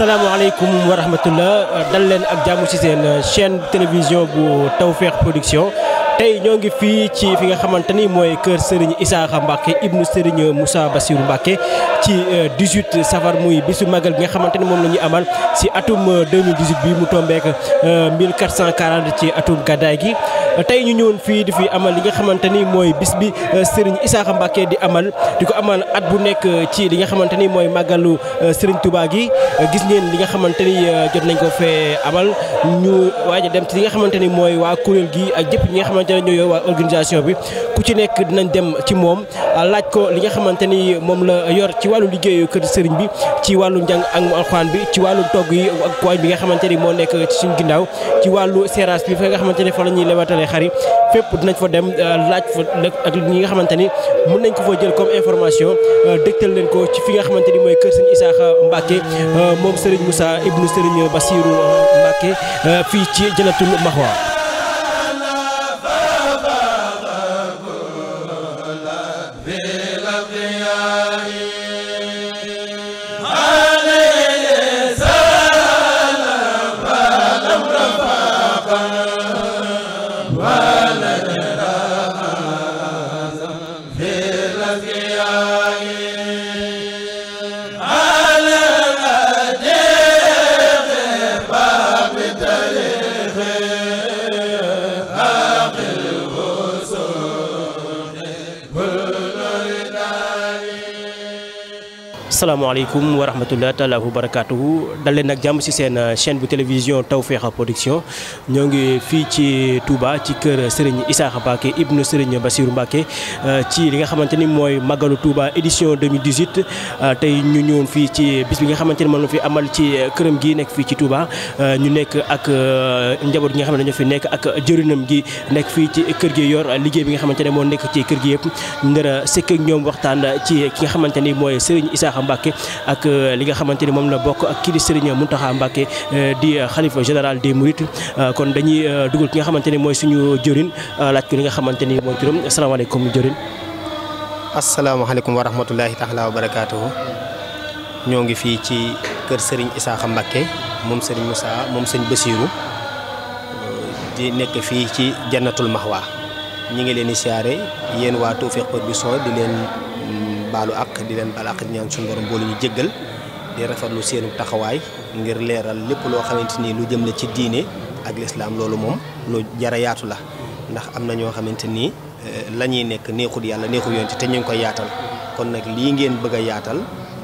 asalaamaaleykum wa rahmatullah dal leen ak jàmm ci seen chaîne télévision bu Tawfekh Production tey ñoo ngi fii ci fi nga xamante ni mooy kër Serigne Issakha Mbacke ibnu Serigne Moussa Bassirou Mbacke ci 18 euh, safar muy bisu magal bi nga xamante ni moom la ñu amal si atum 2018 euh, bi mu tombeek 1440 euh, ci atum gàddaay gi. tey ñu ñëwoon fii di fi amal li nga xamante ni mooy bis bi euh, Serigne Issakha Mbacké di amal di ko amal at bu nekk euh, ci li nga xamante ni mooy màggalu euh, Serigne Touba gi gis ngeen li nga xamante ni jot nañ ko fee amal ñu waaj a dem ci li nga xamante ni mooy waa kuréel gi ak jëpp ñi nga xamante ne ñooy waa organisation bi ku ci nekk dinañ dem ci moom laaj ko li nga xamante ni moom la yor ci wàllu liggéeyu kër Serigne bi ci wàllu njàng ak alxuraan bi ci wàllu togg yi ak waañ bi nga xamante ni moo nekk ci suñu ginnaaw ci wàllu séerage bi fa nga xamante ni fa la ñuy lewatale xari fépp dinañ fa dem euh, laaj fa ak ñi nga xamante ni mën nañ ko fa jël comme information euh, dégtal leen ko ci fi nga xamante ni mooy kër sëñ Isaaxa Mbacke euh, moom Serigne Moussa ibnu Serigne Bassirou Mbacke fii ci Jannatul Mahwa asalaamaaleykum wa rahmatulah taalaa wa barakaatuhu dal leen nag jàmm ci seen euh, chaine bu télévision Tawfekh Production ñoo ngi fii ci Touba ci kër Serigne Issakha Mbacké ibnu Serigne Bassirou Mbacké euh, ci li nga xamante ni mooy màggalu Touba édition 2018 euh, tey ñu ñëwoon fii ci bis bi nga xamante ni moom la fi amal ci këram gi nekk fii ci Touba ñu nekk ak njaboot gi nga xam ne dañoo fi nekk ak jërinam gi nekk fii ci kër gi yor liggéey bi nga xamante ne moo nekk ci kër gi yëpp ñu nar ñoom waxtaan ci ki nga xamante ni mooy Serigne Issakha Mbacke ak euh, li nga xamante ni moom la bokk ak kii di Serigne Mountakha Mbacke euh, di xalifa général des Mourides euh, kon dañuy dugal ki nga xamante ni mooy suñu jëriñ laaj ko li nga xamante ni mooy turam asalaamaaleykum jëriñ. asalaamaaleykum wa wa barakaatuhu ñoo ngi fii ci kër sëriñ Issakha Mbacke moom Serigne Moussa moom sëñ Bassirou di nekk fii ci jannatul Mahwa ñi ngi leen di siyaare yéen waa Tawfekh Production di leen. baalu ak di leen baal ak di ñaan suñu borom boolu ñu jëggal di rafetlu seenu taxawaay ngir leeral lépp loo xamante ni lu jëm la ci diine ak lislaam loolu moom lu jara yaatu la ndax am na ñoo xamante ni eh, lañuy nekk neexut yàlla neexut yoon te ñu ngi koy yaatal kon nag lii ngeen bëgg a yaatal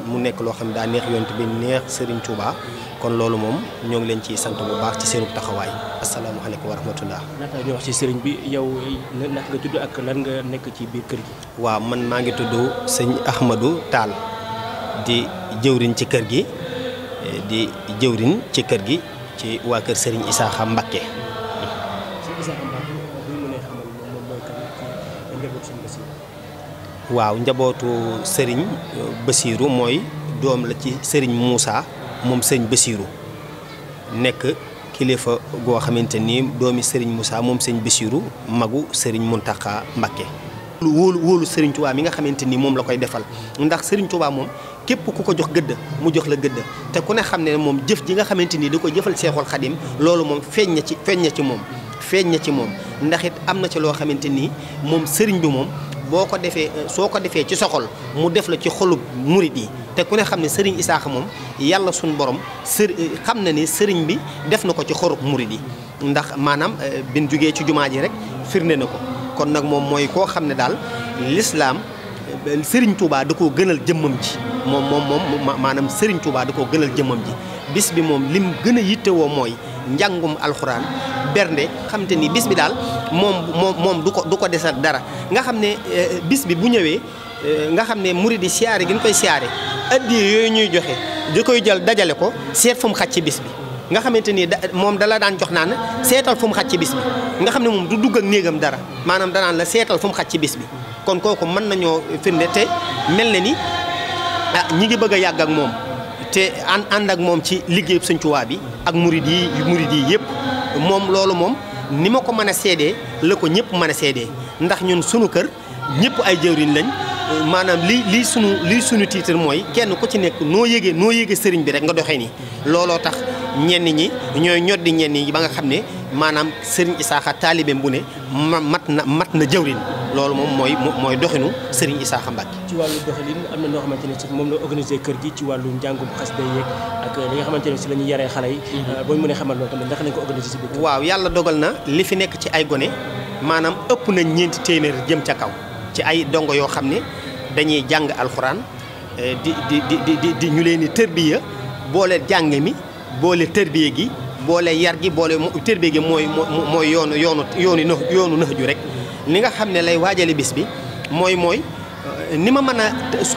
mu nekk loo xam ne daa neex yonent bi neex Serigne Touba kon loolu moom ñoo ngi leen ci sant bu baax ci seenu taxawaay asalaamaaleykum wa rahmatullah. naka ñu bi yow naka nga tudd ak lan nga nekk ci biir kër gi. waaw man maa ngi tudd sëñ Ahmadou taal di jëwriñ ci kër gi di jëwrin ci kër gi ci waa kër sëriñ Issakha Mbacké. waaw njabootu sëriñ euh, Bassirou mooy doom la ci sëriñ Moussa moom sëriñ Bassirou nekk kilifa goo xamante ni doomi sëriñ Moussa moom sëriñ Bassirou magu sëriñ Mountakha Mbacké. wóolu wóolu sëriñ Touba mi nga xamante ni moom la koy defal ndax sëriñ Touba moom képp ku ko jox gëdd mu jox la gëdd te ku ne xam ne moom jëf ji nga xamante ni di ko jëfal Seexul Xadim loolu moom feeñ na ci feeñ na ci moom feeñ na ci moom ndax it am na ci loo xamante ni moom sëriñ bi moom. boo ko defee soo ko defee ci soxol mu def la ci xolub murit yi te ku ne xam ne sëriñ Isaaxa moom yàlla suñu borom sër xam na ni sëriñ bi def na ko ci xolub murit yi ndax maanaam eh, bin jugee ci jumaa ji rek firnde na ko kon nag moom mooy koo xam ne daal lislaam eh, sëriñ Touba da koo gënal jëmmam ji moom moom moom maanaam sëriñ Touba da koo gënal jëmmam ji bis bi moom lim gën a woo mooy njàngum alxuraan bernde xam te ni bis bi daal moom moom moom du ko du ko desal dara nga xam ne euh, bis bi bu ñëwee euh, nga xam ne murid yi siyaare gi ñu koy siyaare addiya yooyu ñuy joxe di koy jël dajale ko seet fu mu xaj ci bis bi nga xamante ni da moom dala daan jox naan seetal fu mu ci bis bi xam ne moom du dugg ak néegam dara maanaam danaan la seetal fu mu xaj ci bis bi kon kooku mën nañoo firnde te mel na ni ah ñi ngi bëgg a yàgg ak moom te ànd ànd ak moom ci liggéey Sëñ Tuubaa bi ak murid yi murid yi yëpp moom loolu moom ni ma ko mën a seedee la ko ñëpp mën a seedee ndax ñun sunu kër ñëpp ay jëwriñ lañ maanaam li lii sunu lii sunu titre mooy kenn ku ci nekk noo yëgee noo yëgee sëriñ bi rek nga doxee nii. looloo tax ñenn ñi ñooy ñoddi ñenn yi ba nga xam ne maanaam Serigne Isaaxa taalibeem bu ne mat na mat na jëwriñ loolu moom mooy mooy doxinu Serigne Isaaxa Mbacke. ci wàllu doxalin am na noo xamante ne moom la organisé kër gi ci wàllu njàngum xas day yeeg ak li nga xamante ne si la ñuy yaree xale yi. Mhm. Euh, boo ñu mënee xamal loolu tamit ndax nañ ko organisé si biir. waaw yàlla dogal na li fi nekk ci ay gone maanaam ëpp na ñeenti téeméer jëm ca kaw ci ay dongo yoo xam ne dañuy jàng alxuraan euh, di di di di ñu leen di tërbiya boole jàng mi boole tërbiya gi boole yar gi boole tërbe gi mooy mooy yoonu yoonu yoonu nëx yoonu nëx ju rek ni nga xam ne lay waajale bis bi mooy mooy euh, ni ma mën a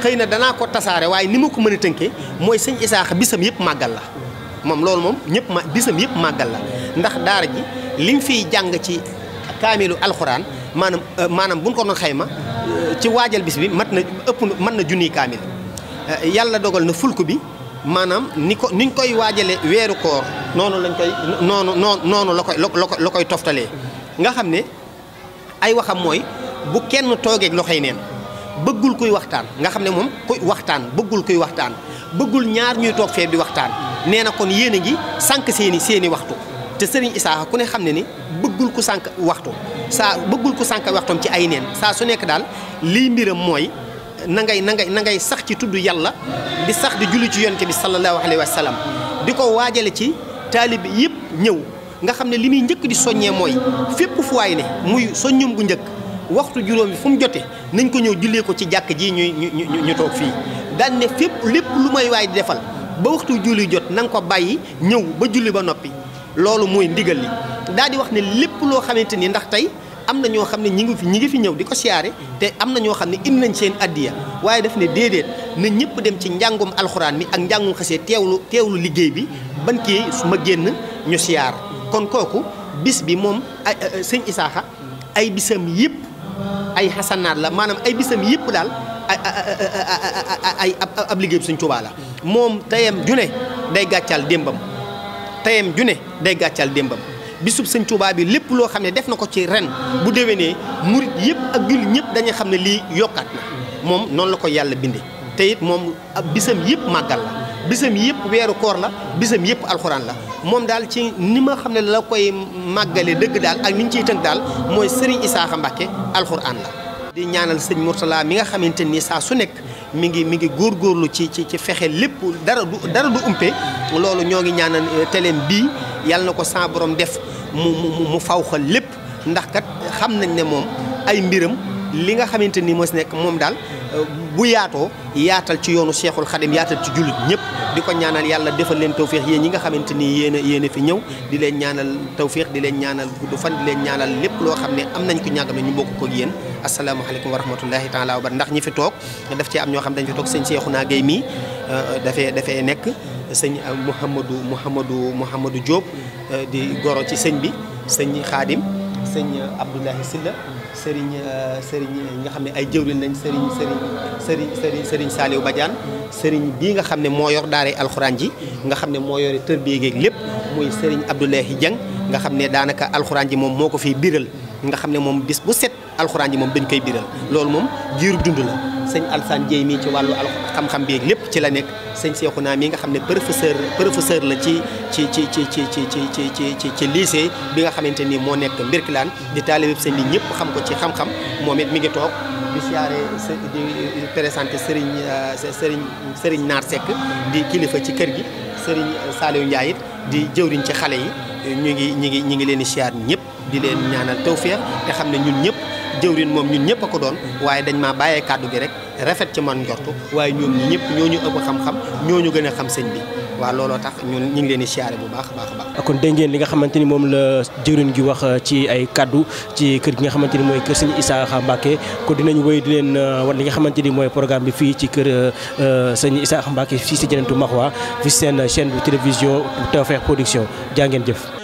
xëy na danaa ko tasaare waaye ni ma ko mën a tënkee mooy sëñ Isaaxa bisam yëpp màggal la moom loolu moom ñëpp ma bisam yëpp màggal la ndax daara ji liñ fiy jàng ci kaamilu alxuraan maanaam euh, maanaam buñ ko xayma euh, ci waajal bis bi mat na ëpp mën na junniy kaamil yàlla dogal na fulk bi maanaam ni ko niñ koy waajale weeru koor noonu lañ koy noonu noonu noonu la koy la koy toftalee nga xam ne ay waxam mooy bu kenn toogeeg loxoy neen bëggul kuy waxtaan nga xam ne moom kuy waxtaan bëggul kuy waxtaan bëggul ñaar ñuy toog feeb bi waxtaan nee na kon yéen a ngi sànq seeni seeni waxtu te sëriñ Issakha ku ne xam ne ni bëggul ku sànq waxtu saa bëggul ku sànq waxtoom ci ay neen saa su nekk daal liy mbiram mooy na ngay na ngay na ngay sax ci tudd yàlla di sax di julli ci yoon yonte bi sallallahu alayhi wa sallam taalibe yëpp ñëw nga xam ne li muy njëkk di soññee mooy fépp fu waay ne muy soññum gu njëkk waxtu juróom bi fu mu jotee nañ ko ñëw jullee ko ci jàkk ji ñuy ñu ñu toog fii daan ne fépp lépp lu may waay di defal ba waxtu julli jot na nga ko bàyyi ñëw ba julli ba noppi loolu mooy ndigal li daal di wax ne lépp loo xamante ni ndax tey am na ñoo xam ne ñi ngi fi ñi ngi fi ñëw di ko siyaare te am na ñoo xam ne indi nañ seen addiya waaye daf ne déedéet na ñëpp dem ci njàngum alxuraan mi ak njàngum xasee teewlu teewlu liggéey bi ban kii su ma génn ñu siyaar kon kooku bis bi moom sëñ Isaaxa ay bisam yëpp ay xasanaat la maanaam ay bisam yëpp daal ay ab liggéey bi sëñ Tuubaa moom tayam june day gàccal démbam tayam june day gàccal démbam bisub sëñ Touba bi lépp loo xam ne def na ko ci ren bu dewee déwénee murit yëpp ak jullit ñëpp dañuy xam ne lii yokkaat na moom noonu la ko yàlla bindee te it moom bisam yëpp màggal la bisam yëpp weeru koor la bisam yëpp alxuraan la moom daal ci ni ma xam ne la koy màggalee dëgg daal ak ni ñu ciy tënk daal mooy Serigne Issakha Mbacké alxuraan la di ñaanal sëñ Mourtala mi nga xamante nii saa su nekk mi ngi mi ngi góorgóorlu ci ci ci fexe lépp dara du dara du umpe loolu ñoo ngi ñaanal euh, teleen bii yàlla na ko sa borom def mu mu mu faw xal lépp ndax kat xam nañ ne moom ay mbiram li nga xamante ni mos nekk moom daal euh, bu yaatoo yaatal ci yoonu Cheikhul Khadim yaatal ci jullit ñëpp di ko ñaanal yàlla defal leen tawféex yéen ñi nga xamante ni yéen yéen fi ñëw di leen ñaanal tawféex di leen ñaanal gudd fan di leen ñaanal lépp loo xam ne am nañ ko ñàgg na ñu bokk ko ak yéen asalaamaaleykum wa rahmatullahi taala wa bar ndax ñi fi toog daf ci am ñoo xam dañ fi toog sëñ Cheikhouna Gueye mii euh, dafee dafee nekk sëñ Mouhamadou Mouhamadou Mouhamadou Diop euh, di goro ci sëñ bi sëñ Khadim sëñ Abdoulahi sëriñ sëriñ ñi nga xam ne ay jëwriñ lañ sëriñ sëriñ sëriñ sëriñ sëriñ Saliou Badiane sëriñ bii nga xam ne moo yor daaree alxuraan ji nga xam ne moo yore tër bi géeg lépp muy sëriñ Abdoulaye Dieng nga xam ne daanaka alxuraan ji moom moo ko fiy biral nga xam ne moom bis bu set alxuraan ji moom dañ koy biral loolu moom jiiru dund la sëñ Alsaan Jéy mii ci wàllu xam-xam bi lépp ci la nekk sëñ naa mii nga xam ne professeur professeur la ci ci ci ci ci ci ci ci ci ci lycée bi nga xamante ni moo nekk Mbirkilaan di taalibe sëñ bi ñëpp xam ko ci xam-xam moom it mi ngi toog di siyaare di présenté sëriñ sëriñ sëriñ Naar Seck di kilifa ci kër gi sëriñ Saliou Ndiaye di jëwriñ ci xale yi ñu ngi ñu ngi ñu ngi leen di siyaar ñëpp di leen ñaanal tawfeex te xam ne ñun ñëpp jëwrin moom ñun ñëpp a ko doon waaye dañ maa bàyyee kàddu gi rek rafet ci man njortu waaye ñoom ñi ñëpp ñoo ñu ëpp xam-xam ñoo ñu gën a xam sëñ bi waaw looloo tax ñun ñu ngi leen di siyaare bu baax a baax baax. kon dégg ngeen li nga xamante ni moom la jëwriñ gi wax ci ay kaddu ci kër gi nga xamante ni mooy kër sëñ Isaaxa Mbacke ko dinañ wéy di leen euh, wan li nga xamante ni mooy programme bi fii ci kër euh, euh, sëñ Isaaxa Mbacke fii si Jannatul Mahwa fii seen chaîne bu télévision Tawfekh Production jaa ngeen jëf.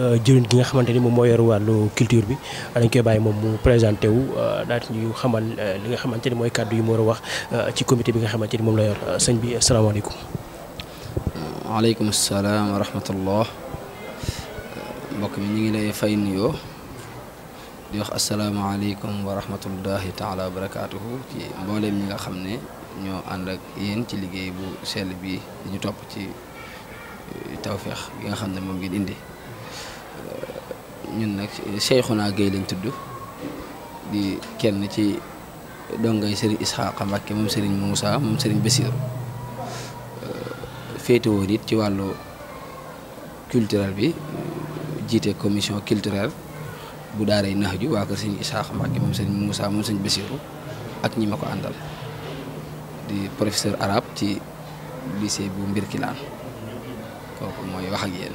Euh, jëriñ gi nga xamante ni moom moo yoru wàllu culture bi dañ koy bàyyi moom mu présenté wu euh, daal di ñu xamal euh, li nga xamante ni mooy kàddu yi mu war a wax ci commité bi nga xamante ni moom la yor sëñ bi asalaamaaleykum. waaleykum salaam wa rahmatullah ñu ngi lay fay nuyoo di wax asalaamaaleykum wa rahmatullahi taala wa barakaatuhu ci mbooleem ñi nga xam ne ñoo ànd ak yéen ci liggéey bu sell bi ñu topp ci tawféex gi nga xam ne moom ngeen indi. ñun nag Cheikhouna Gueye lañ tudd di kenn ci dongay Serigne Isxaaqa Mbàkke moom Serigne Moussa moom Serigne Bassirou euh, féetewoo it ci wàllu culturel bi jiite commission culturelle bu daaray Nahju waa kër Serigne Isxaaqa Mbàkke moom Serigne Moussa moom Serigne Bassirou ak ñi ma ko àndal di professeur arabe ci lycée bu Mbirkilaan kooku mooy wax ak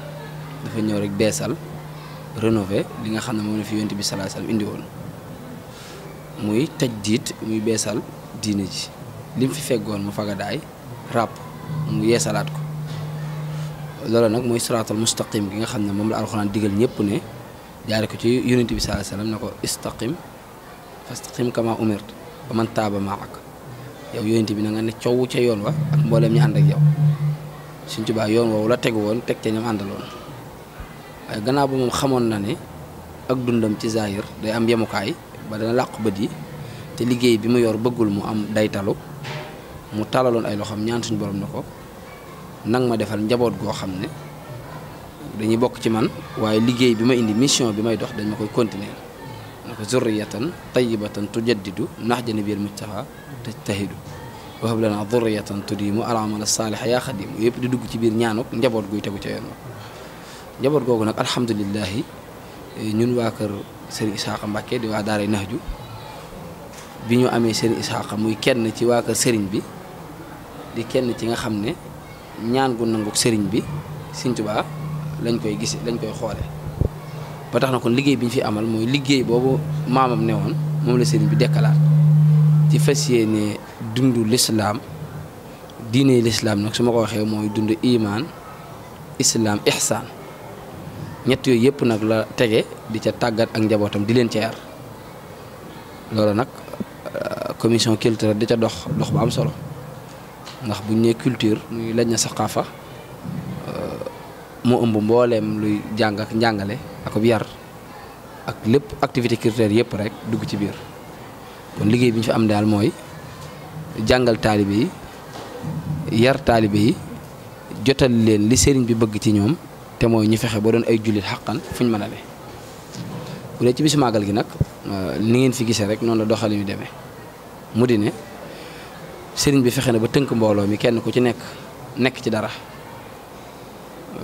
dafa ñëw rek beesal renover li nga xam ne moom la fi yonent bi sallallahu alayhi indi woon muy diit muy beesal diine ji lim fi feggoon mu fagadaay ràpp mu salaat ko loolu nag mooy siraatal mustaqim ki nga xam ne moom la alxuraan digal ñëpp ne jaare ko ci yonent bi sallallahu alayhi wasallam ne ko istaqim fastaqim kama umirt ba man taaba ak yow yonent bi na nga ne coow ca yoon wa ak mbooleem ñu ànd ak yow Sëñ Tuubaa yoon woowu la tegu woon teg ca ñam àndaloon waaye gannaaw ba moom xamoon na ne ak dundam ci zahir day am yemukaay ba dana làqu bët yi te liggéey bi mu yor bëggul mu am day talu mu talaloon ay loxoom ñaan suñu borom na ko nang ma defal njaboot goo xam ne dañuy bokk ci man waaye liggéey bi ma indi mission bi may dox dañ ma koy continuer na ko zurriyatan tayyibatan tujaddidu nahja nabil mustafa tajtahidu wahab lana zurriyatan tudimu al amal saalih yaa xadim yëpp di dugg ci biir ñaanuk njaboot guy tegu ca yoon njaboot googu nag alhamdulilahi ñun waa kër Serigne Isaaxa Mbacke di waa Daara Nahju bi ñu amee Serigne Isaaxa muy kenn ci waa kër Serigne bi di kenn ci nga xam ne ñaan gu nangu Serigne bi Serigne Touba lañ koy gis lañ koy xoole ba tax na kon liggéey bi ñu fi amal mooy liggéey boobu maamam ne woon moom la Serigne bi dekkalaat ci fas yéene dundu lislaam diine lislaam nag su ma ko waxee mooy dund imaan islaam ihsaan ñett yooyu yëpp nag la tege di ca tàggat ak njabootam di leen ca yar loolu nag euh, commission culture di ca dox dox bu am solo ndax buñ ne culture muy lañ na saqaafa euh, moo ëmb mbooleem luy jàng ak njàngale ak yar ak lépp activité culturelle yëpp rek dugg ci biir kon liggéey bi ñu fi am daal mooy jàngal taalibe yi yar taalibe yi jotal leen li sëriñ bi bëgg ci ñoom te mooy ñu fexe ba doon ay jullit xaqan fuñ mën a ne bu dee ci bisu màggal gi nag euh, ni ngeen fi gisee rek noonu la doxali ñu mu di ne sëriñ bi fexe na ba tënk mbooloo mi kenn ku ci nekk nekk ci dara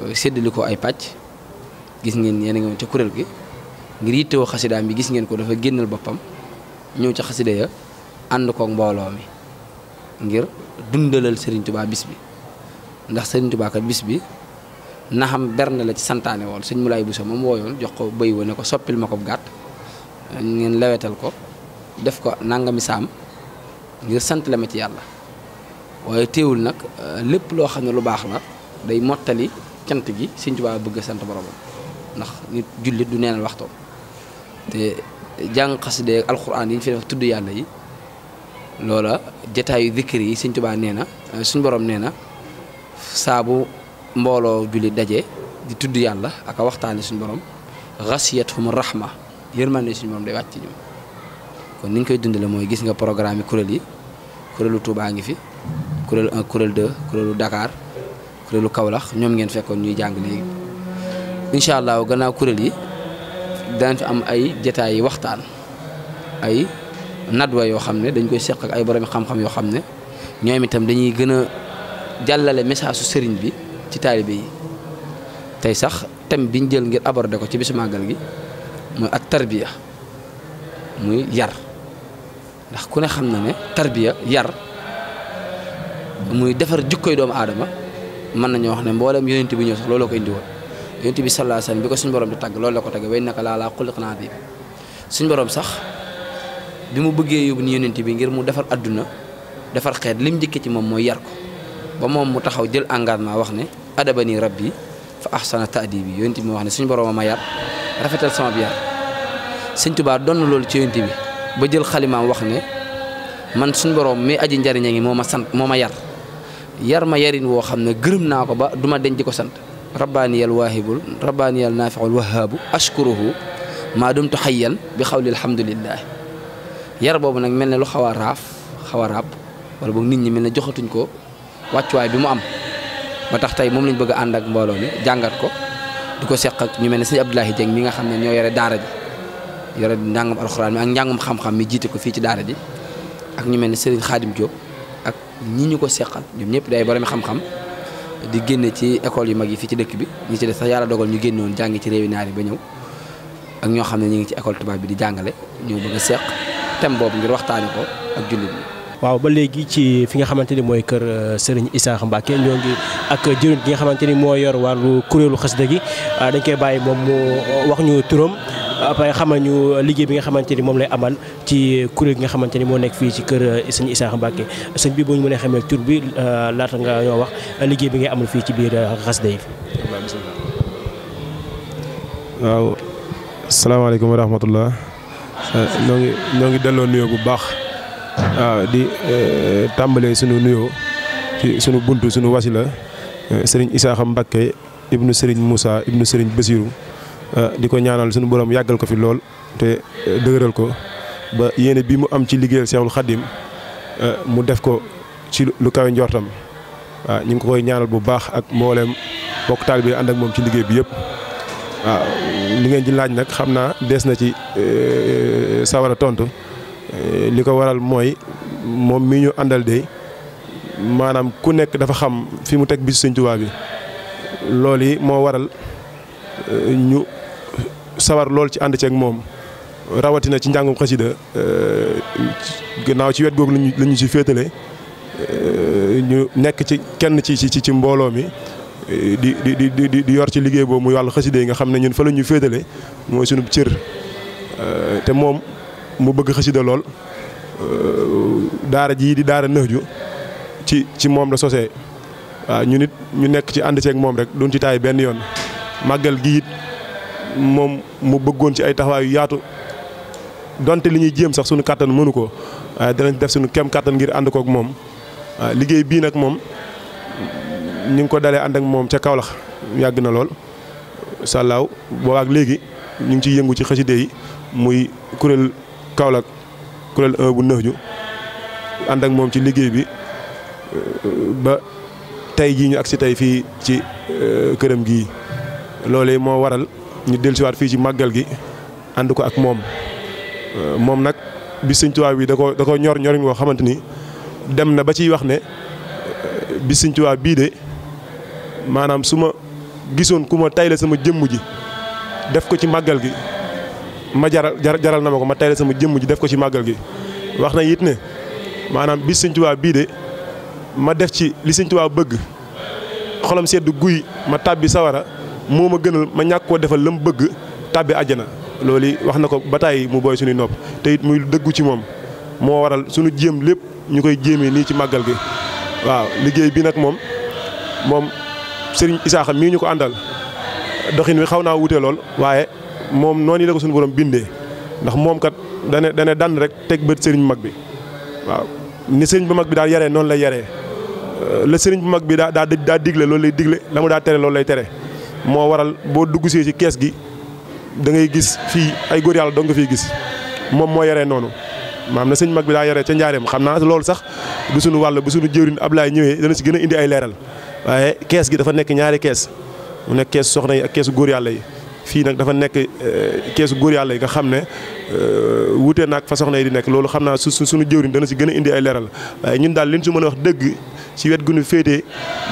euh, séddali ko ay pàcc gis ngeen yéen a ngi kuréel gi ngir yittewoo xasidaam bi gis ngeen ko dafa génnal boppam ñëw ca xasida ya ànd koog mbooloo mi ngir dundalal sëriñ tubaa bis bi ndax Serigne Touba bis bi na xam berne la ci santaane woon sëñ Moulay Bousso moom wooyoon jox ko bëy wa ne ko soppil ma ko gàtt ngeen lawetal ko def ko nangami saam ngir sant la ma ci yàlla waaye téewul nag euh, lépp loo xam ne lu baax la day mottali cant gi sëñ Tuubaa bëgg sant boromam ndax nit jullit du neenal waxtoom te jàng xaside ak alxuraan yi ñu fi def tudd yàlla yi loola jataayu zikir yi sëñ Tuubaa nee na euh, suñ borom nee na saabu mbooloo julli daje di tudd yàlla ak a waxtaane suñu borom xasiyathum rahma yërmande suñu borom day wàcc ci ñoom kon ni ñu koy dundale mooy gis nga programme yi kuréel yi kuréelu Touba ngi fi kuréelu 1 kuréel 2 kuréelu Dakar kuréelu Kaolack ñoom ngeen fekkoon ñuy jàng léegi incha allah gannaaw kuréel yi daan fi am ay jataay yi waxtaan ay nadwa yoo xam ne dañ koy seq ak ay borom xam-xam yoo xam ne ñoom itam dañuy gën a jàllale message su sëriñ bi. ci taalibe yi tey sax thème bi ñu jël ngir aborder ko ci bisu màggal gi mooy ak tarbiya muy yar ndax ku ne xam na ne tarbiya yar muy defar jukkoy doomu aadama mën nañoo wax ne mboolem yonent bi ñëw sax looloo ko indi woon bi sallallahu alayhi wasallam bi ko suñu borom di tàgg lool la ko tàgg way naka laa laa xuliq naa bi suñu boroom sax bi mu bëggee yóbbu ni yonent bi ngir mu defar àdduna defar xeet lim njëkkee ci moom mooy yar ko. ba moom mu taxaw jël engagement wax ne adabani rabbi fa ahsana taadibi yonent bi moo wax ne suñu borom ma yar rafetal sama bi yar sëñ Tuubaa doon na loolu ci yonent bi ba jël xalimaam wax ne man suñ borom mi aji njariña ngi moo ma sant moo ma yar yar ma yarin woo xam ne gërëm naa ko ba duma denc ko sant rabbaaniyal waahibul rabbaaniyal naafiul wahaabu ashkuruhu maa dumtu xayyan bi xawli alhamdulilah yar boobu nag mel ne lu xaw a raaf xaw a raab wala nit ñi mel ne joxatuñ ko wàccuwaay bi mu am ba tax tey moom lañ bëgg a ànd ak mbooloo mi jàngat ko di ko seq ak ñu mel ne sëñ Abdoulahi Dieng mi nga xam ne ñoo yore daara ji yore njàngum alxuraan mi ak njàngum xam mi jiite ko fii ci daara ji ak ñu mel ni Serigne Khadim Diop ak ñii ñu ko seqal ñoom ñëpp day borom xam-xam di génne ci ecole yu mag yi fii ci dëkk bi ñi ci def sax yàlla dogal ñu génne woon jàngi ci réewi naar yi ba ñëw ak ñoo xam ne ñu ngi ci école tubaab bi di jàngale ñoo bëgg a seq tem boobu ngir waxtaane ko ak jullit waaw ba léegi ci fi nga xamante ni mooy kër euh, sëriñ Issakha Mbacké ñoo ngi ak jëriñ gi nga xamante ni moo yor wàllu kuréelu xasida gi ah, dañ koy bàyyi moom mu wax ñu turam après xamal ñu liggéey bi nga xamante ni moom lay amal ci kuréel gi nga xamante ni moo nekk fii ci kër euh, Serigne Issakha Mbacké sëñ bi boo ñu mënee xamee tur bi euh, laata nga ñoo wax liggéey bi ngay amal fii ci biir xasida yi. waaw salaamaaleykum wa rahmatullah ñoo ngi ñoo ngi delloo nuyoo bu baax. waaw ah, di eh, tàmbalee sunu nuyoo ci sunu bunt sunu wasila eh, sëriñ Isaaxa Mbakke ibnu sëriñ Moussa ibnu sëriñ Basiru ah, di ko ñaanal sunu borom yàggal ko fi lool te eh, dëgëral ko ba yéene bi mu am ci liggéeyal Seexul Xaddim mu def ko ci lu kawe njortam waaw ah, ñu ngi ko koy ñaanal bu baax ak mboolem bokk taal bi ànd ak moom ci liggéey bi yëpp. waaw li ngeen laaj nag xam naa des na ci sawara tontu. Eh, li ko waral mooy moom mi ñu àndal de maanaam ku nekk dafa xam fi mu teg bis Sëñ Tuubaa bi loolu yi moo waral eh, ñu sawar lool ci ànd ci ak moom rawatina ci njàngum xasida eh, gannaaw ci wet goog lañu la ñu ci féetale ñu nekk ci kenn ci ci ci mbooloo mi di di di di di yor ci liggéey boobu muy wàllu xasida yi nga xam ne ñun fa la ñu féetale mooy sunu cër te moom. mu bëgg xasida lool euh, daara jii di daara nëx ju ci moom la ñu nit ñu nekk ci ànd moom rek duñ ci taay benn yoon màggal gi it moom mu bëggoon ci ay taxawaay yu yaatu donte li ñuy jéem sax suñu kàttan mënu ko waaye danañ def suñu kem kàttan ngir ànd kook moom liggéey bii nag moom ñu ngi ko dalee ànd ak moom ca kawlax yàgg na lool sàllaaw boobaak léegi ñu ngi ciy yëngu ci xaside yi muy kuréel Kaolack kuréel 1 bu nëx ju ànd ak moom ci liggéey bi euh, ba tey jii ñu si tey fii ci euh, këram gii loolee moo waral ñu dellusiwaat fii ci màggal gi ànd ko ak moom euh, moom nag bi Sëñ Tuubaa bi da ko da ñor ñoriñ woo xamante ni dem na ba ciy wax ne bi Sëñ Tuubaa bii de maanaam su ma gisoon ku ma tay sama jëmm ji def ko ci màggal gi ma jaral jaral na ma ko ma tayal sama jëmm ji def ko ci màggal gi wax na it ne maanaam bis Sëñ Tuubaa bii de ma def ci li Sëñ Tuubaa bëgg xolam sedd guy ma tàbbi sawara moo ma gënal ma ñàkk koo defal lam mu bëgg tàbbi àjjana loolu wax na ko ba tàyyi mu booy suñuy nopp te it muy dëggu ci moom moo waral suñu jéem lépp ñu koy jéemee nii ci màggal gi waaw liggéey bi nag moom moom sëriñ Isaaxa mii ñu ko àndal doxin wi xaw naa wute lool waaye moom noonu la ko suñu borom bindee ndax moom kat dane dane dànn rek teg bët sëriñ bu mag bi waaw ni sëriñ bu mag bi daal yaree noonu lay yaree euh, la sëriñ bu mag bi daa daa daa digle loolu lay digle la mu daa tere loolu lay tere moo waral boo dugg see ci kees gi da ngay gis fii ay góor yàlla doo nga fiy gis moom moo yaree noonu maam na sëñ mag bi daa yaree ca njaareem xam naa loolu sax du suñu wàll bu suñu ab Ablaye ñëwee dana si gën a indi ay leeral waaye kees gi dafa nekk ñaari kees mu nekk kees soxna yi ak keesu góor yàlla yi fii nag dafa nekk euh, keesu góor yàlla yi nga xam ne euh, wuute naag fa soxna yi di nekk loolu xam naa su suñu jëwriñ dana si gën a indi ay leeral waaye ñun daal liñ su mën a wax dëgg ci wet gu ñu féete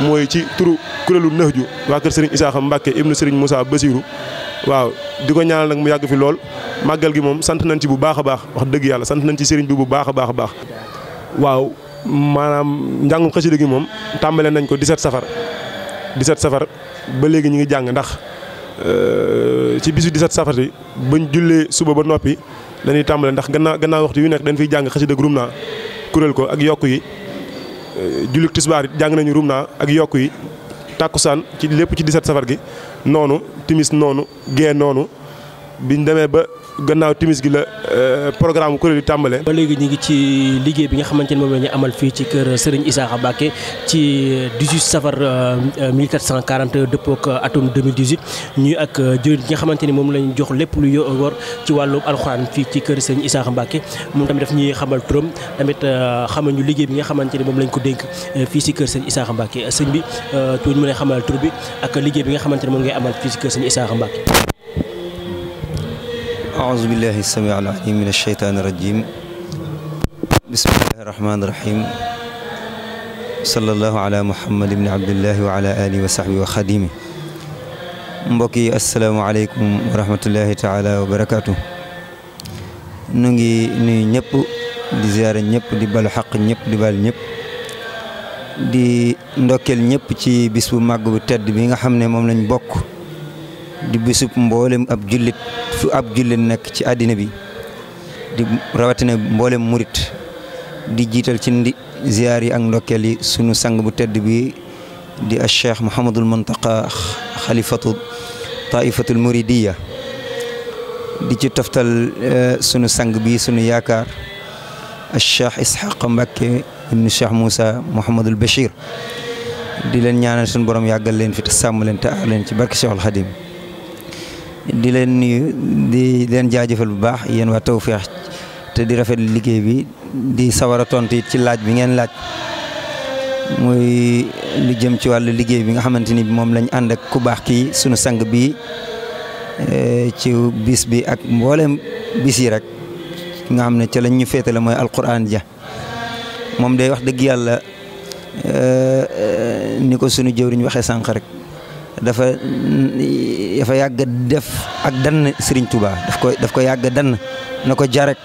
mooy ci turu kuréelu nëx ju waa kër Serigne Issakha Mbacke ibnu Serigne Moussa Basirou waaw di ko ñaanal nag mu yàgg fi lool màggal gi moom sant nañ ci bu baax a baax wax dëgg yàlla sant nañ ci Serigne bi bu baax a baax a baax waaw maanaam njàngum xasida gi moom tàmbale nañ ko 17 safar 17 safar ba léegi ñu ngi jàng ndax Euh, ci bisu 17 safar bi bañ jullee suba ba noppi dañuy tàmbale ndax gannaaw gannaaw waxtu yu nekk dañ fiy jàng xasida rum naa kuréel ko ak yokk yi euh, jullit tisbaar jàng nañu rum naa ak yokk yi tàkkusaan ci lépp ci 17 safar gi noonu timis noonu gee noonu biñ demee ba gannaaw timis gi la euh, programme kuréel yi tàmbale. ba léegi ñu ngi ci liggéey bi nga xamante ni moom la ñu amal fii ci kër Serigne Issakha Mbacké ci 18 safar 1440 dëppoo ak atum 2018 ñuy ak euh, jëriñ gi nga xamante ni moom lañ jox lépp lu yor ci wàllu alxuraan fii ci kër Serigne Issakha Mbacké moom tamit daf ñuy xamal turam tamit euh, xamal ñu liggéey bi nga xamante ni moom lañu ko dénk fii ci kër Serigne Issakha Mbacké sëñ bi tuuti mu lay xamal tur bi ak liggéey bi nga xamante ni moom ngay amal fii ci kër Serigne Issakha Mbacké. أعوذ بالله السميع العليم من الشيطان الرجيم بسم الله الرحمن الرحيم صلى الله على محمد بن عبد الله وعلى آله وصحبه وخديمه mbokk yi asalaamaaleykum wa rahmatullahi taala wa barakaatu nu ngi nuyu ñëpp di ziare ñëpp di balu xaq ñëpp di bal ñëpp di ndokkeel ñëpp ci bis bu màgg bu tedd bi nga xam ne moom lañ bokk di bisub mboolem ab jullit ab jullit nekk ci àddina bi di rawatina mboolem murit di jiital ci ndi ziyaar yi ak ndokkeel yi sunu sang bu tedd bi di a cheikh Mouhamadul Muntaqa xalifatu taifatul muridiya di ci toftal eh, sunu sang bi sunu yaakaar a cheikh Ishaq Mbacke ibnu cheikh Moussa Mouhamadul Bachir di leen ñaanal sunu borom yàggal leen fi te sàmm leen te aar leen ci barke Cheikhul Xadim di leen nuyu di leen jaajëfal bu baax yéen waa Tawfekh te di rafet liggéey bi di sawar a tontu ci laaj bi ngeen laaj muy lu jëm ci wàllu liggéey bi nga xamante ni moom lañu ànd ak ku baax kii sunu sang bi eh, ci bis bi ak mboolem bis yi rek nga xam ne ca lañ ñu féetale mooy alquran ja moom day wax dëgg yàlla eh, eh, ni ko sunu jëwriñ waxee sànq rek. dafa dafa yàgg def ak dann Serigne Touba daf ko daf ko yàgg dann ko jarek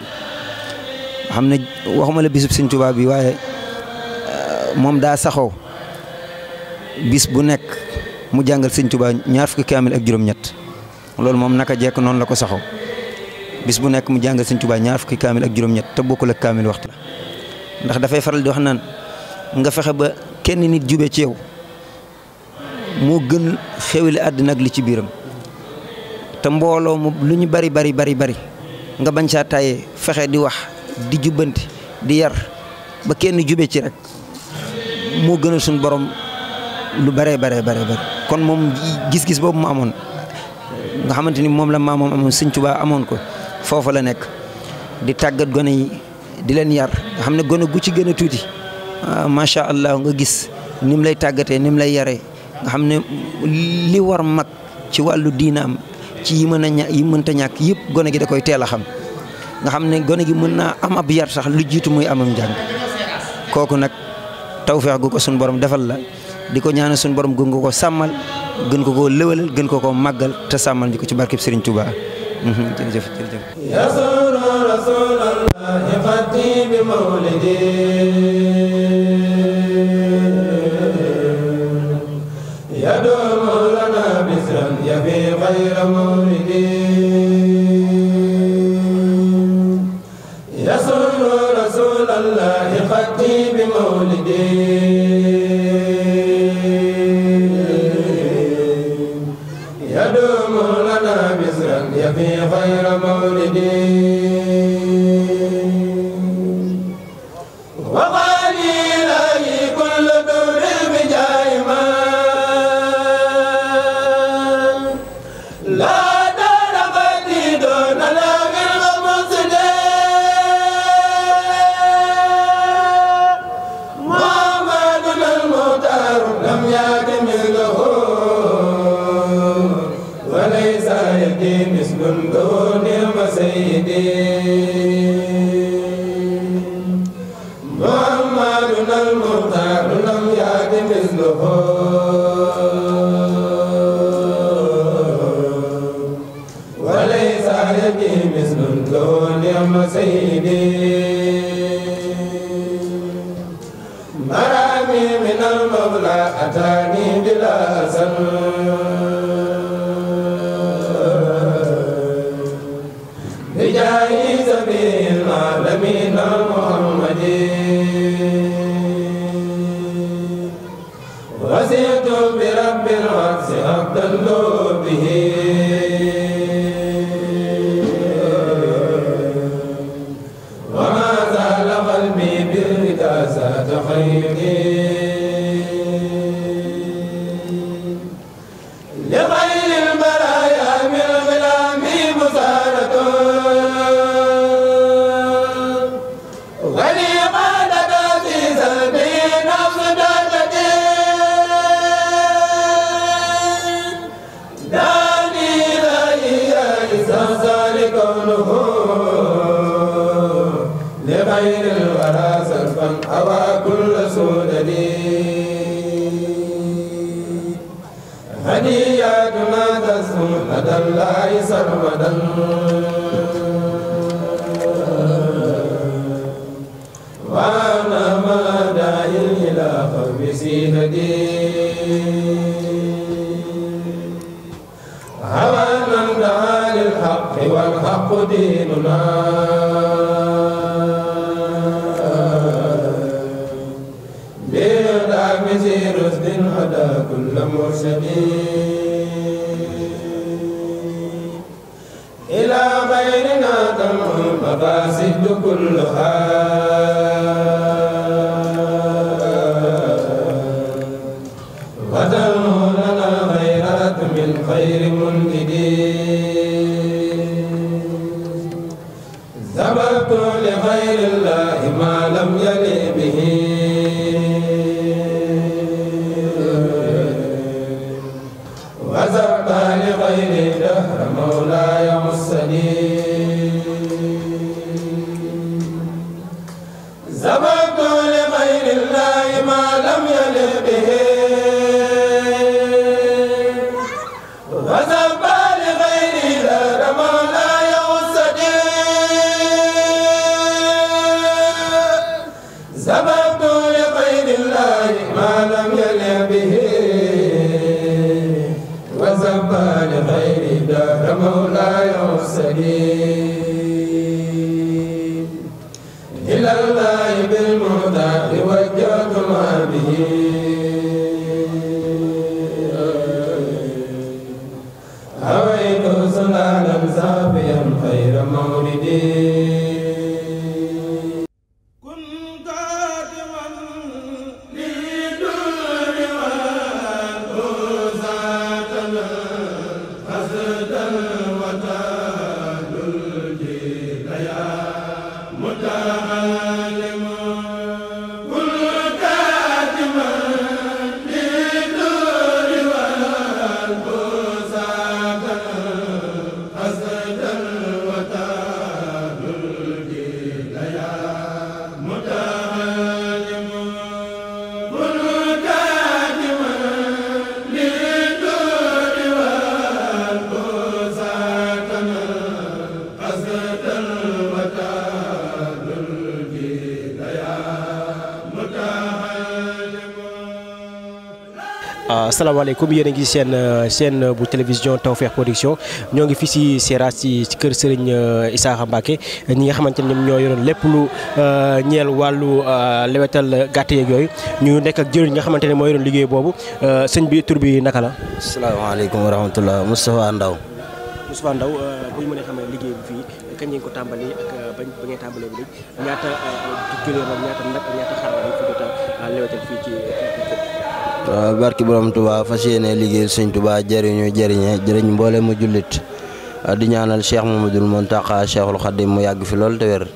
xam ne waxuma la bisub Serigne Touba bi waaye euh, moom daa saxaw bis bu nekk mu jàngal Serigne Touba ñaar fukki kaamil ak juróom-ñett loolu moom naka jekk noonu la ko saxoo bis bu nekk mu jàngal Serigne Touba ñaar kaamil ak juróom-ñett te bokkul waxtu ndax dafay faral di wax naan nga fexe ba kenn nit jube ci yow. moo gën xewle àddina ak li ci biiram te mbooloo mu lu ñu bari bari bari bari nga bañ saa tàyyee fexe di wax di jubbanti di yar ba kenn jube ci rek moo gën a suñ borom lu baree baree bari kon moom gis-gis boobu mu amoon nga xamante ni moom la maamoom amoon Sëñ Tuubaa amoon ko foofa la nekk di tàggat gone yi di leen yar nga xam ne gone gu ci gën a tuuti ah, macha allah nga gis nim lay tàggatee nim lay yaree nga xam ne li war mag ci wàllu diina am ci yi mën a ña yi mënta ñàkk yëpp gone gi da koy teel a xam nga xam ne gone gi mën naa am ab yar sax lu jiitu muy amam njàng kooku nag tawfeex gu ko suñ boroom defal la di ko ñaanal suñ borom gën ko ko sàmmal gën ko ko lëwalal gën ko ko màggal te sàmmal ñu ko ci barkeb Serigne Touba mhm, jërëjëf jërëjëf. خير مولد غير منجد زببت لغير الله ما لم يكن asalaamaaleykum yéen a ngi seen euh, seen euh, bu télévision Tawfekh Production ñoo ngi fi si Seras ci kër sëriñ euh, Issakha Mbacké ñi nga xamante ne ñoo yoroon lépp lu ñeel wàllu lewetal gàtt yeeg yooyu ñu nekk ak jël jëriñ nga xamante ne moo yoroon liggéey boobu sëñ bi tur bi naka la. asalaamaaleykum wa rahmatulah Moustapha Ndaw Moustapha Ndaw bu ñu mënee xamee liggéey bi fii kañ ko tàmbali ak ba ngeen tàmbalee ñaata jur ñaata nag ñaata xar lañ fii ci. Euh, barki borom Touba fas yéene liggéey sëñ Touba jëriñu jëriñe jëriñ mboole mu jullit euh, di ñaanal Cheikh Mamadou Mountakha Cheikhul Khadim mu yàgg fi lool te wér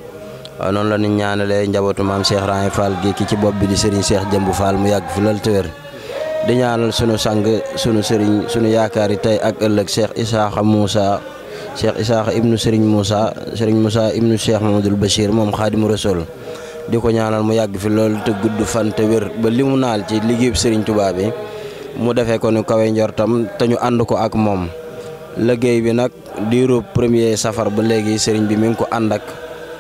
euh, noonu la ñu ñaanalee njabootu maam Cheikh Rahane Fall gi ki ci bopp bi di Serigne Cheikh Jëmbu faal mu yàgg fi lool te wér di ñaanal sunu sang sunu sëriñ sunu yaakaar yi tey ak ëllëg Cheikh Isaaxa Moussa Cheikh Isaaxa ibnu Serigne Moussa Serigne Moussa ibnu Cheikh Mamadou Bachir moom Khadimu Rasul di ko ñaanal mu yàgg fi loolu te gudd fan te wér ba li mu naal ci liggéeyub Serigne Touba bi mu defee ko ni kawe njortam te ñu ànd ko ak moom liggéey bi nag diiru premier safar ba léegi sëriñ bi mi ngi ko ànd ak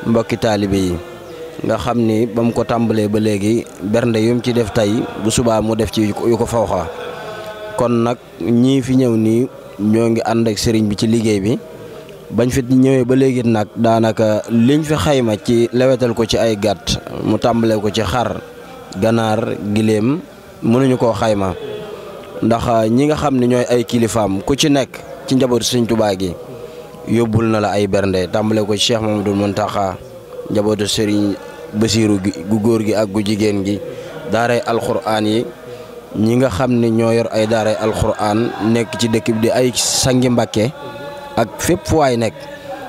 mbokki taalibe yi nga xam ni ba mu ko tàmbalee ba léegi bernde yum ci def tey bu subaa mu def ci yu ko fawxa kon nag ñii fi ñëw nii ñoo ngi ànd ak Serigne bi ci liggéey bi. bañ fi ñëwee ba léegi nag daanaka liñ fi xayma ci lewetal ko ci ay gàtt mu tàmbalee ko ci xar ganaar giléem mënuñu koo xayma ndax ñi nga xam ne ñooy ay kilifaam ku ci nekk ci njabootu sëñ tubaa gi yóbbul na la ay bernde tàmbalee ko ci Cheikh Mamadou Muntaxa njabootu sëriñ Basiiru gi gu góor gi ak gu jigéen gi daaray alxuraan yi ñi nga xam ne ñoo yor ay daaray alxuraan nekk ci dëkk bi di ay sangi mbàkke ak fépp fu waay nekk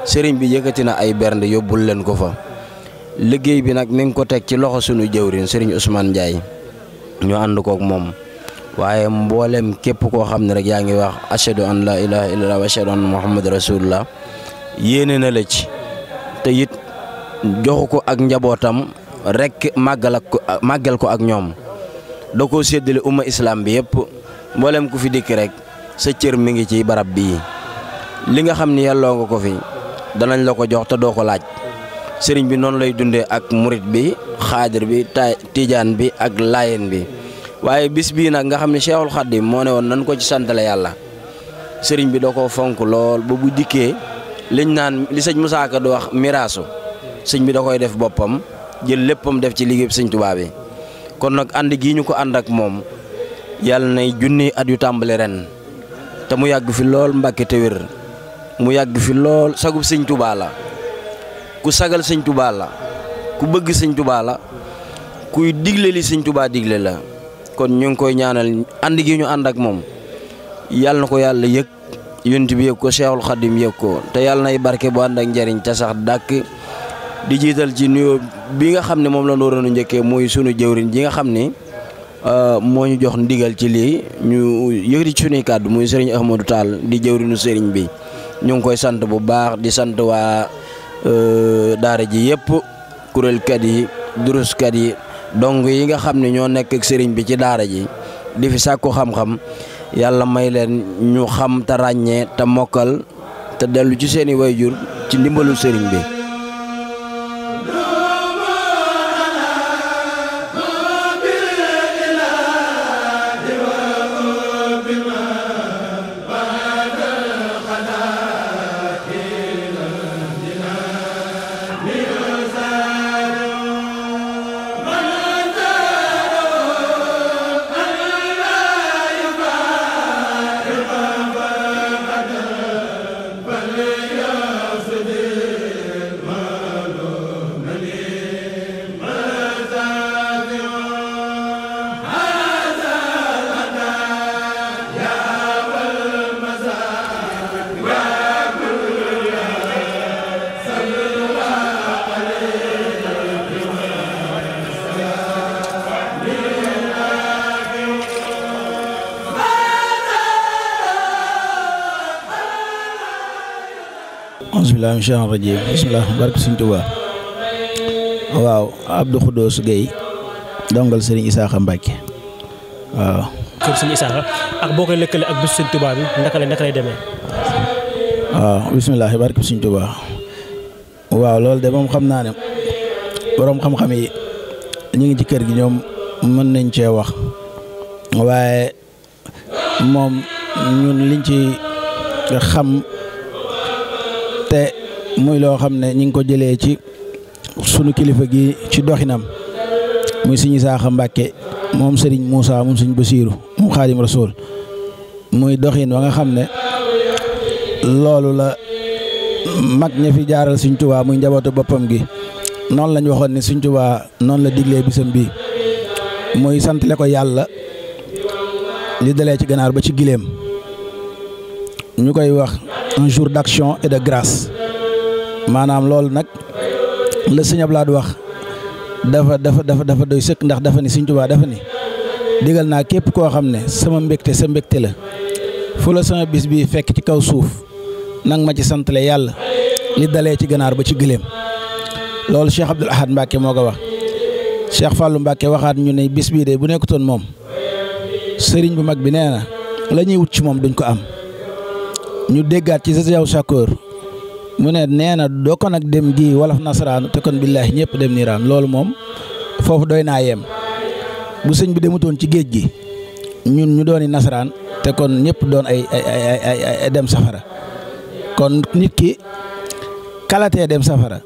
sëriñ bi yëkkati na ay bernde yóbbul leen ko fa liggéey bi nag mi ngi ko teg ci loxo sunu jëwriñ sëriñ Ousmane Ndiaye ñu ànd kook moom waaye mboolem képp koo xam ne rek yaa ngi wax ashadu an la ilaha illallah wa ashadu an muhammad rasulullah yéene na la ci te it joxu ko ak njabootam rek màggal ko ak ñoom da koo séddale umma islam bi yëpp mboolem ku fi dikk rek sa cër mi ngi ci barab bii li nga xam ni yelloo nga ko fi danañ la ko jox te doo ko laaj sëriñ bi noonu lay dundee ak murit bi xaadir bi ta tijaan bi ak laayeen bi waaye bis bii nag nga xam ne Cheikhul Khadim moo ne woon nañ ko ci santale yàlla sëriñ bi da ko fonk lool ba bu dikkee liñ naan li sëñ Moussa Ka wax miraasu sëñ bi da koy def boppam jël léppam def ci liggéey sëñ Tuubaa yi kon nag ànd gii ñu ko ànd ak moom yàlla nay junni at yu tàmbali ren te mu yàgg fi lool mbàkke wér mu yàgg fi lool sagub sëñ Tuubaa la ku sagal sëñ Tuubaa la ku bëgg sëñ Tuubaa la kuy digle li sëñ Tuubaa digle la kon ñu ngi koy ñaanal ànd gi ñu ànd ak moom yàlla na ko yàlla yëg yont bi yëg ko Seexul Xadim yëg ko te yàlla nay barke bu ànd ak njariñ te sax dàkk di jiital ci nuyoo bi nga xam ne moom la waroon a njëkkee mooy sunu jëwriñ ji nga xam ni euh, moo ñu jox ndigal ci lii ñu yëkkati sunuy kàddu muy sëriñ Ahmadou Tall di jëwriñu sëriñ bi ñu ngi koy sant bu baax di sant waa euh, daara ji yëpp kuréelkat yi duruskat yi dong yi nga xam ne ñoo nekk ak sëriñ bi ci daara ji di fi sàkku xam-xam yàlla may leen ñu xam te ràññee te mokkal te dellu ci seeni wayjur ci ndimbalu sëriñ bi bismillaahi shaytaan rajiim bismillaah barke Sëriñ Tuubaa waaw Abdou Khoudous Gueye dongal Sëriñ Isaaxa Mbàkke waaw kër Sëriñ Isaaxa ak boo koy lëkkale ak bisu Sëriñ Tuubaa bi naka lay naka lay demee waaw bismillaah barke Sëriñ Tuubaa waaw loolu de moom xam naa ne boroom xam-xam yi ñu ngi ci kër gi ñoom mën nañ cee wax waaye moom ñun liñ ci xam muy loo xam ne ñi ngi ko jëlee ci sunu kilifa gi ci doxinam muy suñu saaxa Mbàkke moom Serigne Moussa moom suñu Basiiru moom Xaadim Rasuul muy doxin wa nga xam ne loolu la mag ña fi jaaral suñ Tuubaa muy njabootu boppam gi noonu lañ waxoon ne suñ Tuubaa noonu la diglee bisam bi muy santale ko yàlla li dalee ci ganaar ba ci gileem ñu koy wax un jour d'action et de grace maanaam loolu nag la sëñ Ablaye wax dafa dafa dafa dafa doy sëkk ndax dafa ni sëñ Tuubaa dafa ni digal naa képp koo xam ne sama mbégte sa mbégte la fu la sama bis bi fekk ci kaw suuf nang ma ci santale yàlla li dalee ci ganaar ba ci gëléem loolu Cheikh Abdoul Ahad Mbacke moo ko wax Cheikh Fallou Mbacke waxaat ñu ne bis bii de bu nekkutoon moom sëriñ bu mag bi nee na la ñuy wut ci moom duñ ko am ñu déggaat ci Zawiya Sakor mu ne nee na doo kon ak dem gi wolof nasaraanu te kon billaahi ñëpp dem niiraan loolu moom foofu doy naa yem bu sëñ bi demutoon ci géej gi ñun ñu dooni nasaraan te kon ñëpp doon ay dem safara kon nit ki kalatee dem safara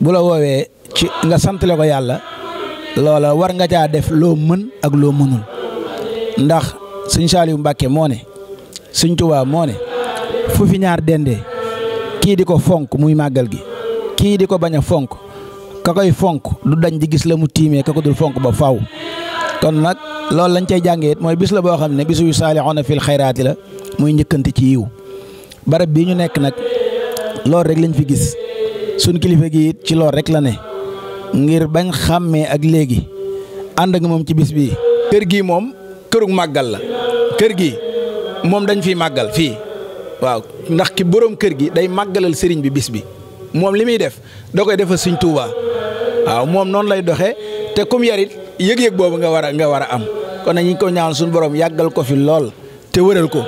bu la woowee ci nga sant santale ko yàlla loola war nga caa def loo mën ak loo mënul ndax sëñ Saaliw Mbàkke moone ne sëñ moone moo fu fi ñaar dendee kii di ko fonk muy màggal gi kii di ko bañ a fonk ka koy fonk du dañ di gis la mu tiimee ka ko dul fonk ba faaw kon nag loolu lañ cay jàngee mooy bis la boo xam ne bisu saalixoona fil xayraati la muy njëkkante ci yiw barab bii ñu nekk nag loolu rek lañ fi gis sunu kilifa gi it ci loolu rek la ne ngir bañ xàmmee ak léegi ànd ak moom ci bis bii. kër gi moom kërug màggal la kër gi moom dañ fi màggal fii. waaw ndax ki borom kër gi day màggalal sëriñ bi bis bi moom li muy def doo koy defal suñ Tuubaa waaw moom noonu lay doxee te comme yarit yëg-yëg boobu nga war a nga war a am kon nag ñu ngi ñaan suñu borom yàggal ko fi lool te wëral ko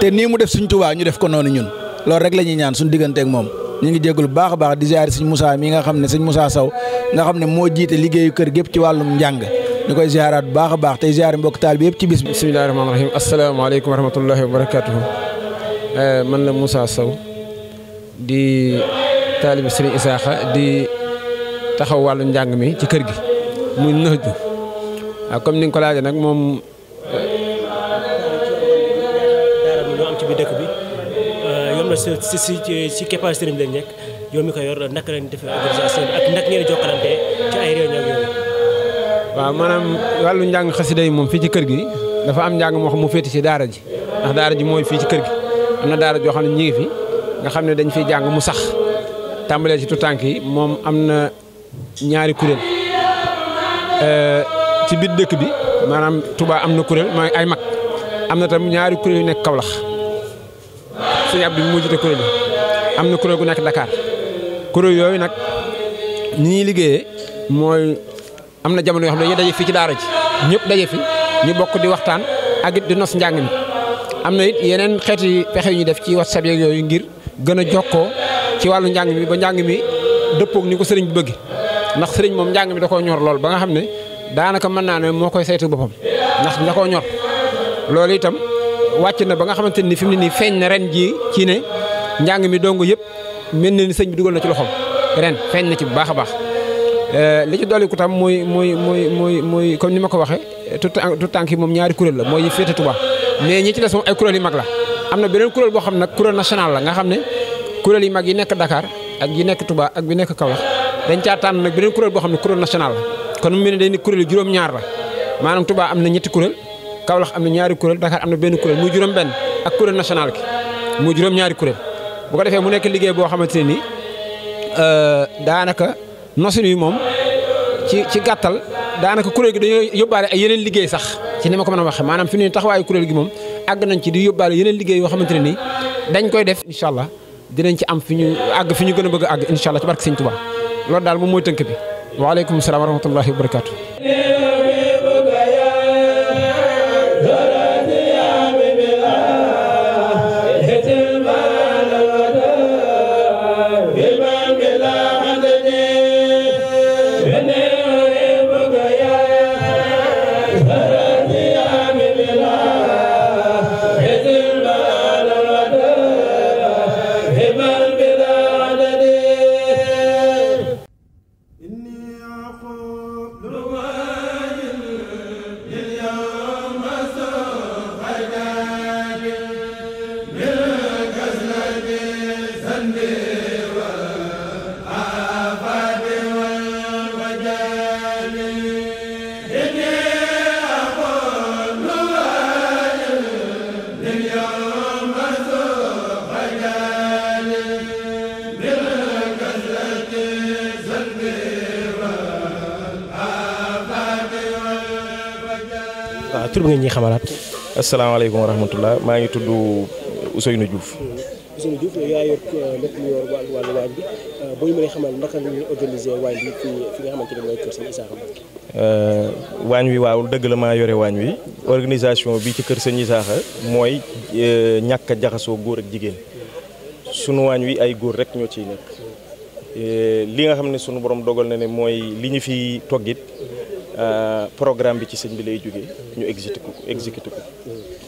te nii mu def suñ Tuubaa ñu def ko noonu ñun loolu rek la ñuy ñaan suñu digganteeg moom. ñu ngi jégalu baax a baax di ziare sëñ Moussa mi nga xam ne sëñ Moussa Sow nga xam ne moo jiite liggéeyu kër gépp ci wàllum njàng ñu koy ziaraat baax baax tey ziare mbokk taal bi yëpp ci bis bi. bismillahi rahmaani rahim asalaamaaleykum wa rahmatullahi wa Eh, man la Moussa Sow di taalibi Sëriñ Isaaxa di taxaw wàllu njàng mi ci kër gi mu nëxju waaw ah, comme ni nga ko laajee nag moom. daara bi am bi eh, yomb si si si képpaaru sëriñ lañ nekk ko yor naka lañ defee organisation ay réunion maanaam wàllu njàng xasida yi moom fii ci kër gi dafa am njàng moo xam mu féete ci daara ji ndax daara ji mooy fii ci kër gi. am na daara joo xam ne ñu ngi fi nga xam ne dañ fiy jàng mu sax tàmbalee ci tànk yi moom am na ñaari kuréel euh, ci biir dëkk bi maanaam Touba am na kuréel mooy ay mag am na tam ñaari kuréel yu nekk Kaolack sëñ Abdou bi moo jiite kuréel yi am na kuréel gu nekk Dakar kuréel yooyu nag ñi ñuy liggéeyee mooy am na jamono yoo xam ne fii ci daara ji ñëpp daje fi ñu bokk di waxtaan ak di nos njàng mi am na it yeneen xeeti pexe yu def ci whatsapp yeeg yooyu ngir gën a jokkoo ci wàllu njàng mi ba njàng mi dëppoog ni ko sëriñ bi bëgg ndax sëriñ moom njàng mi da ñor lool ba nga xam ne daanaka mën naa ne moo koy saytu boppam ndax da koo ñor loolu itam wàcc na ba nga xamante ni fi mu nii feeñ na ren jii ci ne njàng mi dong yëpp mel na ni sëñ bi dugal na ci loxoom reen feeñ na ci bu baax a baax euh, li ci dolli ku tam muy muy muy muy muy comme ni ma ko waxee tout tout tànk yi moom ñaari kuréel la mooy féete Tuubaa mais ñi ci des moom ay kuréel yu mag la am na beneen kuréel boo xam ne kuréel national la nga xam ne kuréel yu mag yi nekk dakaar ak yi nekk tubaa ak bi nekk Kaolack dañ caa tànn nag beneen kuréel boo xam ne kuréel national la kon mu mel ne day ñaar la maanaam Touba am na ñetti kuréel Kaolack am na ñaari kuréel Dakar am na benn kuréel muy juróom-benn ak kuréel national ki muy juróom-ñaari kuréel bu defee mu nekk liggéey boo xamante ne ni euh, daanaka nosin yi moom ci ci gàttal daanaka kuréel gi dañoo yóbbaale ay yeneen liggéey sax ci ni ma ko mën a waxee maanaam fi mu ne taxawaayu kuréel gi moom àgg nañ ci di yóbbaale yeneen liggéey yoo xamante ne nii dañ koy def incha allah dinañ ci am fi ñu àgg fi ñu gën a bëgg a àgg incha allah ci barke Sëñ Tuubaa loolu daal moom mooy tënk bi waaleykum salaam wa rahmatullahi wa barakaatu. asalaamaaleykum wa rahmatullah maa ngi tudd Ousseynou Diouf. Ousseynou Diouf yaa yor lépp lu yor wàllu wàllu waañ bi euh, boo ñu mënee naka la ñuy organiser mooy kër sëñ euh, waañ wi waaw dëgg yore waañ wi organisation bi ci kër sëñ Isaaxa mooy euh, ñàkk jaxasoo góor ak jigéen sunu waañ wi ay góor rek ñoo ciy nekk li nga xam ne sunu borom dogal na ne mooy li ñu fi toggit programme bi ci sëñ bi lay jógee ñu exécuté ko exécuté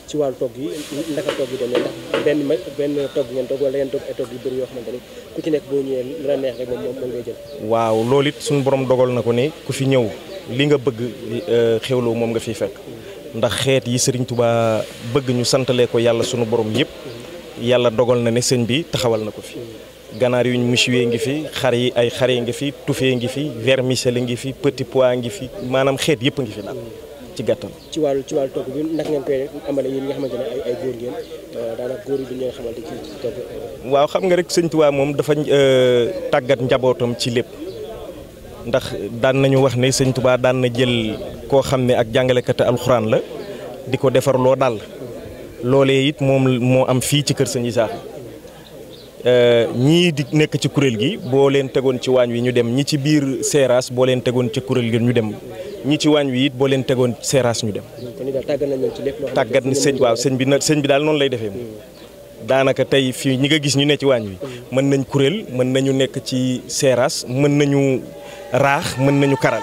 ci wàllu togg yi naka togg yi demee benn ma benn togg ngeen togg wala ngeen bëri yoo xamante ni ku ci nekk boo ñëwee lu la neex rek moom moom ngay jël waaw loolu it suñu borom dogal na ko ne ku fi ñëw li nga bëgg euh, xewloo moom nga fiy fekk ndax xeet yi sëriñ Touba bëgg ñu santalee ko yàlla sunu borom yëpp yàlla dogal na ne sëñ bi taxawal na ko fi ganaar yu yuñ musuwee ngi fi xar yi ay xare ngi fi tufee ngi fi vermicelle ngi fi petit pois ngi fi maanaam xeet a ngi fi daal ci gàttal. ci wàllu ci wàllu togg bi naka ngeen koy amalee yéen nga xamante ne ay ay góor ngeen euh, waaw xam nga rek sëñ moom dafa euh, tàggat njabootam ci lépp ndax daan nañu wax ne sëñ Tuubaa daan na jël koo xam ne ak jàngalekate alxuraan la di ko defar loo daal loolee it moom moo am fii ci kër sëñ Isaaxa euh, ñii di nekk ci kuréel gi boo leen tegoon ci waañ wi ñu dem ñi ci biir seeraas boo leen tegoon ci kuréel gi ñu dem ñi ci waañ wi it boo leen tegoon seeraas ñu dem. tàggat ni sëñ waaw sëñ bi nag sëñ bi daal noonu lay defee moom. daanaka tey fii ñi nga gis ñu ne ci waañ wi. mën nañ kuréel mën nañu nekk ci seeraas mën nañu raax mën nañu karal.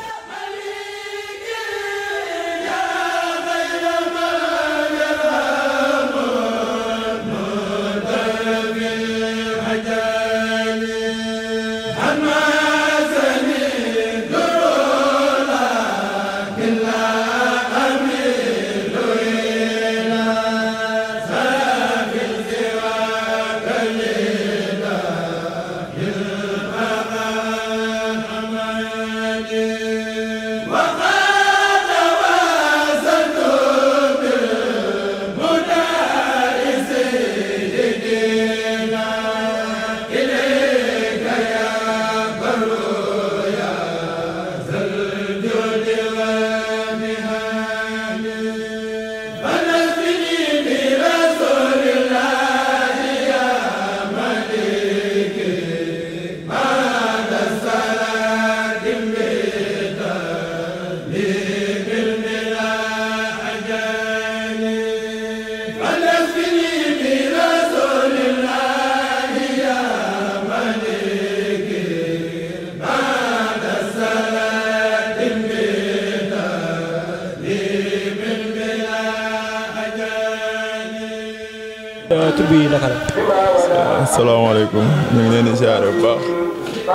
salaamaaleykum ñu ngi leen di ziare baax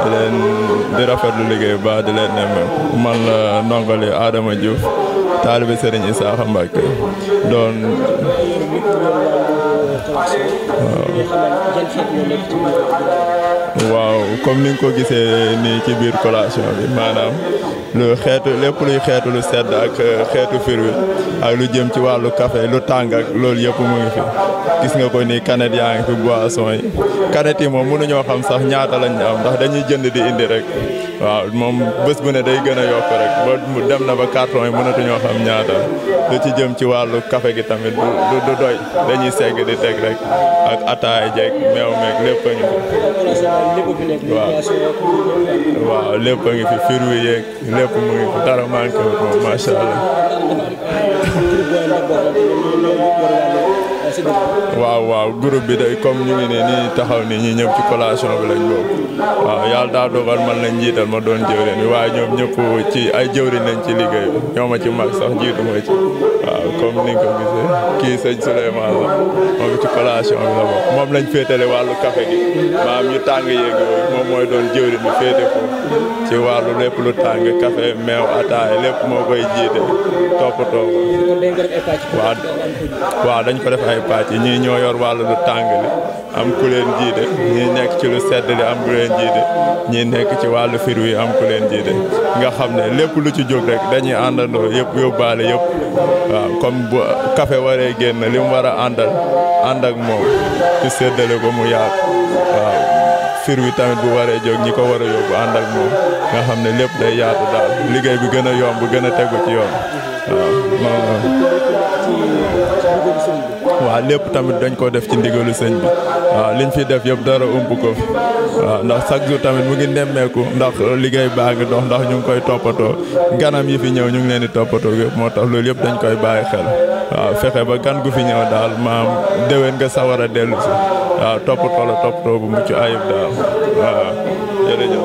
di leen di rafetlu liggéey bu baax di leen nemmeeku man la ndongole Adama Diouf taalibe Serigne Issakha Mbacké doon waaw comme ni nga ko gisee nii ci biir collation bi maanaam. lu xeetu lépp luy xeetu lu sedd ak euh, xeetu fruit ak lu jëm ci wàllu café lu tàng ak loolu yëpp mu ngi fi gis nga ko ni canette yaa ngi fi boisson yi canette yi moom mënuñoo xam sax ñaata lañ am ndax dañuy jënd di indi rek waaw moom bës bu ne day gën a yokk rek ba dem na ba carton yi mënatuñoo xam ñaata lu ci jëm ci wàllu kafe gi tamit du du doy dañuy segg di teg rek ak ataay jeeg meew meeg lépp ngi fi waaw lépp lépp mu ngi waaw waaw groupe bi day comme ñu ngi ne nii taxaw ni ñi ñëpp ci collation bi lañ bokk waaw yàlla daa dogal man lañ jiital ma doon jëwrin bi waaye ñoom ñëpp ci ay jëwrin lañ ci liggéey bi ci mag sax jiitu ma ci. comme ni nga ko gisee kii sëñ Souleymane la moom ci collation bi la bokk moom lañ féetale wàllu café gi maam ñu tàng yeeg moom mooy doon jëwriñ mu féete ci wàllu lépp lu tàng café meew ataay lépp moo koy jiite toppatoo ko waaw waaw dañ ko def ay pàcc ñii ñoo yor wàllu lu tàng li am ku leen jiite ñii nekk ci lu sedd li am ku leen jiite ñii nekk ci wàllu fir wi am ku leen jiite nga xam ne lépp lu ci jóg rek dañuy àndandoo yëpp yóbbaale yëpp kon bu café waree génn li mu war a àndal ànd ak moom ci séddale ko mu yaat waaw fir tamit bu waree jóg ñi ko war a yóbbu ànd ak moom nga xam ne lépp day yaatu daal liggéey bi gën a yomb gën a tegu ci yoon waaw waaw lépp tamit dañ ko def ci ndigalu sëñ bi waaw liñ fi def yëpp dara ump ko fi waaw ndax chaque jour tamit mu ngi nemmeeku ndax liggéey baa ngi dox ndax ñu ngi koy toppatoo ganam yi fi ñëw ñu ngi leen di toppatoo yëpp moo tax loolu yëpp dañ koy bàyyi xel waaw fexe ba gan gu fi ñëw daal maam dewen nga sawar a dellu si waaw toppatoo la toppatoo bu mucc ayib daal waaw jërëjëf